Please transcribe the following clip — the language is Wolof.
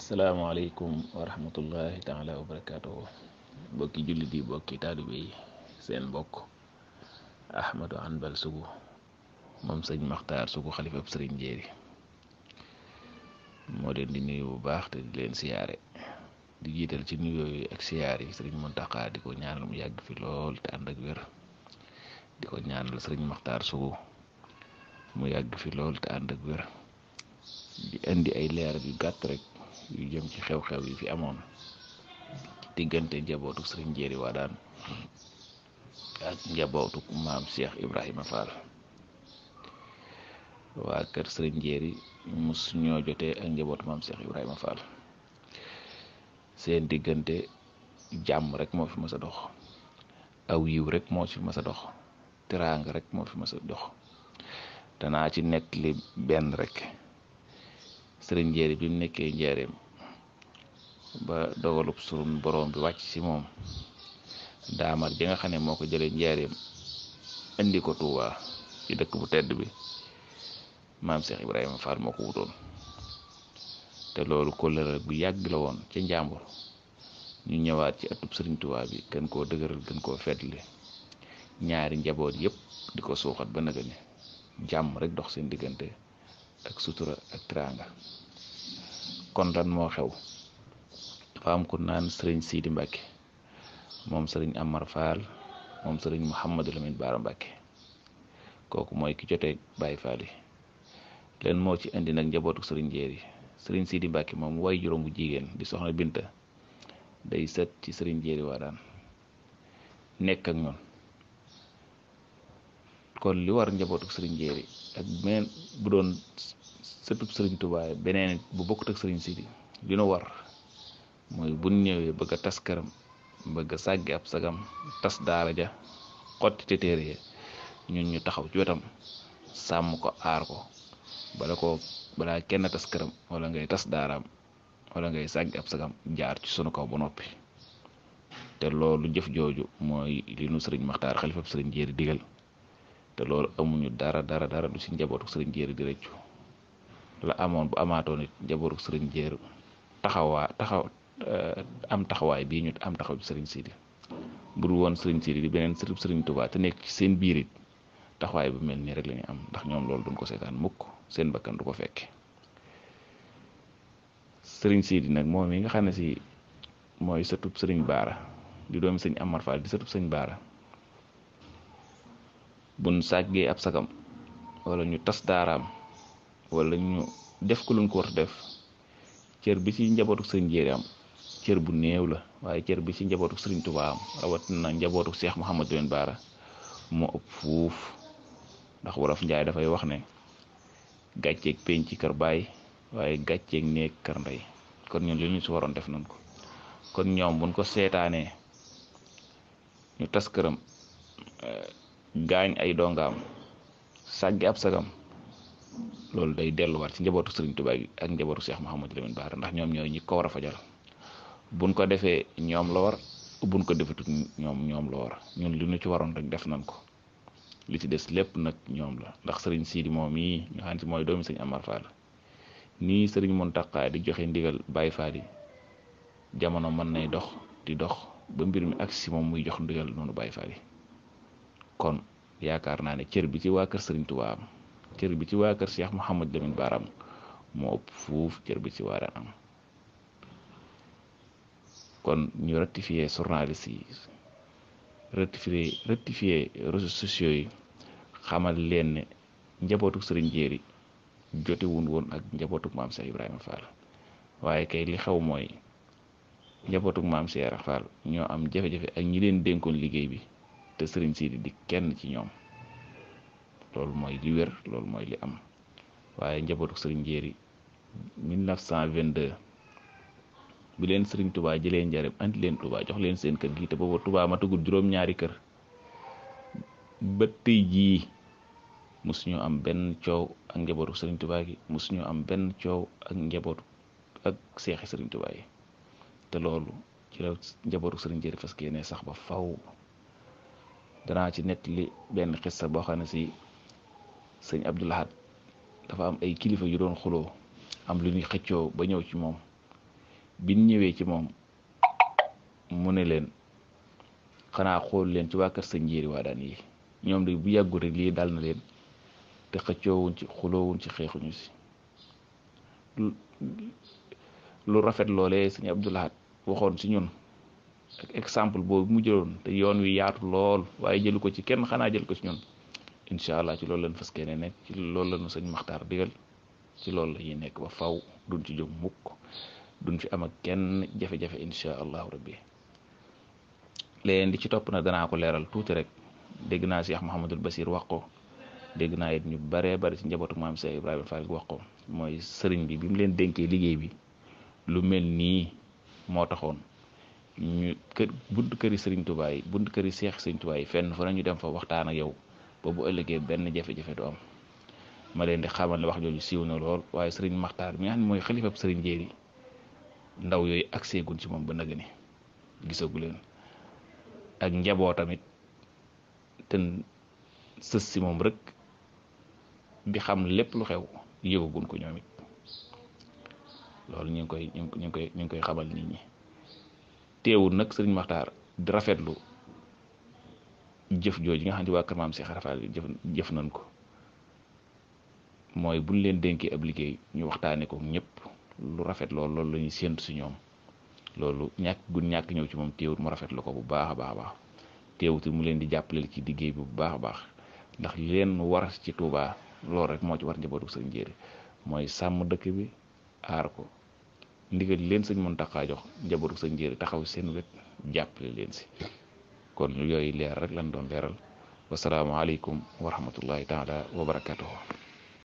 asalaamaaleykum wa rahmatullahi taala wa barakaatuhu mbokki jullit yi mbokki taalibe seen mbokk Ahmadou Hanbal Sougou moom sëñ Maxtaar Sougou xalifab sëriñ Njéeri moo leen di nuyu bu baax te di leen siyaare di jiital ci nuyoo yi ak siyaar yi sëriñ Muntaxa di ko ñaanal mu yàgg fi lool te ànd ak wér di ko ñaanal sëriñ Maxtaar lool te indi ay leeral yu gàtt rek yu jëm ci xew-xew yi fi amoon diggante njabootu sëriñ Jéeri Wadaan ak njabootu maam Cheikh Ibrahima Fall waa kër sëriñ Jéeri ñoo jotee ak njabootu maam Cheikh Ibrahima seen diggante jàmm rek moo fi mës a dox aw yiw rek moo fi mës a dox teraanga rek moo fi mës a dox danaa ci nekk li benn rek sëriñ Jéeri bi mu nekkee ba dogalub surum borom bi wàcc ci moom daamar ji nga xam ne moo ko jëlee njaareem indi ko Touba ci dëkk bu tedd bi maam Cheikh Ibrahima Fall moo ko wutoon te loolu kóllëre bu yàgg la woon ca njàmbur ñu ñëwaat ci atub sëriñ Touba bi gën koo dëgëral gën koo fetli ñaari njaboot yépp di ko suuxat ba naga jàmm rek dox seen diggante ak sutura ak teraanga kon lan moo xew dafa am ku naan sëriñ Sidi Mbacke moom sëriñ Amar Fall moom sëriñ Mouhamadou Lamine Baara Mbacke kooku mooy ki jotee Baye Fall yi leen moo ci indi nag njabootu sëriñ Jéeri sëriñ Sidi Mbacke moom way juróom bu jigéen di soxna Binta day sët ci sëriñ Jéeri waa daan nekk ak kon li war njabootu sëriñ Jéeri ak beneen bu doon sëtub sëriñ Tuubaa beneen bu bokkut ak sëriñ Sidi li nu war. mooy bu ñëwee bëgg a tas këram bëgg a sàggi ab sagam tas daara ja xotti te téere ya ñu taxaw ci wetam sàmm ko aar ko bala ko balaa kenn tas këram wala ngay tas daaraam wala ngay sàggi ab sagam jaar ci sunu kaw ba noppi te loolu jëf jooju mooy li nu sëriñ maxtaar xalifab sëriñ jéeri digal te loolu amuñu dara dara dara du si njabootu sëriñ jéeri di rëccu la amoon bu amaatoon it njabootu sëriñ jéeri taxawaa taxaw Euh, am taxawaay bii ñu am taxaw bi sëriñ Sidi budul woon sëriñ Sidi di beneen sërib sëriñ Touba te nekk ci seen biir it taxawaay bu mel nii rek la am ndax ñoom loolu duñ ko seetaan mukk seen bakkan du ko fekke sëriñ Sidi nag moom yi nga xam ne si mooy sëtub sëriñ Baara di doomi sëñ Amar Fall di sëtub sëñ Baara buñ sàggee ab sagam wala ñu tas daaraam wala ñu def ku luñ ko war def cër bi ci njabootu sëriñ Jéeri am cër bu néew la waaye cër bi ci njabootu Serigne Touba am na njabootu seex Cheikh Mouhamadou Lamine Bara moo ëpp fuuf ndax wolof Njaay dafay wax ne gàcceeg ci kër baay waaye gàcceeg néeg kër ndey kon ñun li si waroon def nañ ko kon ñoom buñ ko seetaanee ñu tas këram eh, gaañ ay dongaam sàggi ab sagam loolu day delluwaat ci njabootu Serigne Touba ak njabootu Cheikh Mouhamadou Lamine Bara ndax ñoom ñooy ñi ko war a fajal. buñ ko defee ñoom la war buñ ko defatut ñoom ñoom la war ñun li ñu ci waroon rek def nañ ko li ci des lépp nag ñoom la ndax sëriñ di moom yi ñu xam ci mooy doomi sëñ Amar Fall nii sëriñ Mountakha di joxe ndigal Baye Fall jamono mën nay dox di dox ba mbir mi ak si moom muy jox ndigal noonu baay Fall kon yaakaar naa ne cër bi ci waa kër sëriñ Touba am cër bi ci waa kër Cheikh Mouhamad Lamine Baram moo ëpp fuuf cër bi ci waara am kon ñu rectifier journaliste yi rectifier rectifier réseaux sociaux yi xamal leen ne njabootu sëriñ Jéeri jote wun woon ak njabootu maam Cheikh Ibrahima Fall waaye kay li xew mooy njabootu maam Cheikh Ibrahima ñoo am jafe-jafe ak ñi leen dénkoon liggéey bi te sëriñ Sidi di kenn ci ñoom loolu mooy li wér loolu mooy li am waaye njabootu sëriñ Jéeri 1922. bi leen sëriñ tubaa jëlee njareem andi leen tubaa jox leen seen kër gi te booba tubaa matagul juróom-ñaari kër ba tey jii mosuñu am benn coow ak njabootu am benn coow ak njabootu ak seexi sëriñ tubaa te loolu ci la njabootu sëriñ jëri fas yéene sax ba faw danaa ci nett li benn xissa boo xam si sëñ Abdou dafa am ay kilifa yu doon xuloo am lu ñuy xëccoo ba ñëw ci moom biñ ñëwee ci moom mu ne leen xanaa xool leen ci waa kër sëñ Njéeri Waadaan yi ñoom de bu yàggu rek lii dal na leen te xëccoowuñ ci xuloowuñ ci xeexuñu si lu rafet loole sëñ Abdou Lahad waxoon si ñun ak exemple boobu mu jëloon te yoon wi yaatu lool waaye jëlu ko ci kenn xanaa jël ko si ñun incha allah ci lool lañ fas kee nekk ci loolu lañu sëñ Maxtaar digal ci loolu la ñuy nekk ba faw duñ ci jóg mukk duñ fi am ak kenn jafe-jafe insha allahu rabbi léen di ci topp na danaa ko leeral tuuti rek dégg naa Cheikh Mouhamadul Basir wax ko dégg naa it ñu baree bari ci njabootu maam Cheikh Ibrahima Fall wax ko mooy sëriñ bi bim leen dénkee liggéey bi lu mel nii moo taxoon ñu kër bunt këri sëriñ Tuubaa yi bunt këri Cheikh sëriñ Tuubaa fenn fa ñu dem fa waxtaan a yow ba bu ëllëgee benn jafe-jafe du am ma leen di xamal ne wax jooju siiw na lool waaye sëriñ Maxtaar mi nga xam ne mooy xalifab sëriñ Jéeri ndaw yooyu agsee gun ci moom ba nëgëni gisagu leen ak njaboo tamit ten sës si moom rek bi xam lépp lu xew yëgagun ko ñoom loolu ñu ngi koy ñu ngi koy ñu ngi koy xamal nit ñi teewul nag sëriñ Maxtaar di rafetlu jëf jooju nga xam ne waa kër maam si xarafaal jëf jëf nañ ko mooy buñ leen dénkee ab liggéey ñu waxtaanee ko ñëpp. lu rafet lool loolu la ñuy séentu si ñoom loolu ñàkk gun ñàkk ñëw ci moom téewut mu rafet la ko bu baax a baax a baax téewut mu leen di jàppaleel ci liggéey bi bu baax a baax ndax leen war ci Touba loolu rek moo ci war njabootu sëñ Njeri mooy sàmm dëkk bi aar ko ndigal leen sëñ Mountakha jox njabootu sëñ Njeri taxaw seen wet jàppale leen si kon yooyu leer rek lañ doon leeral wasalaamaaleykum wa rahmatullahi taala wa barakatuhu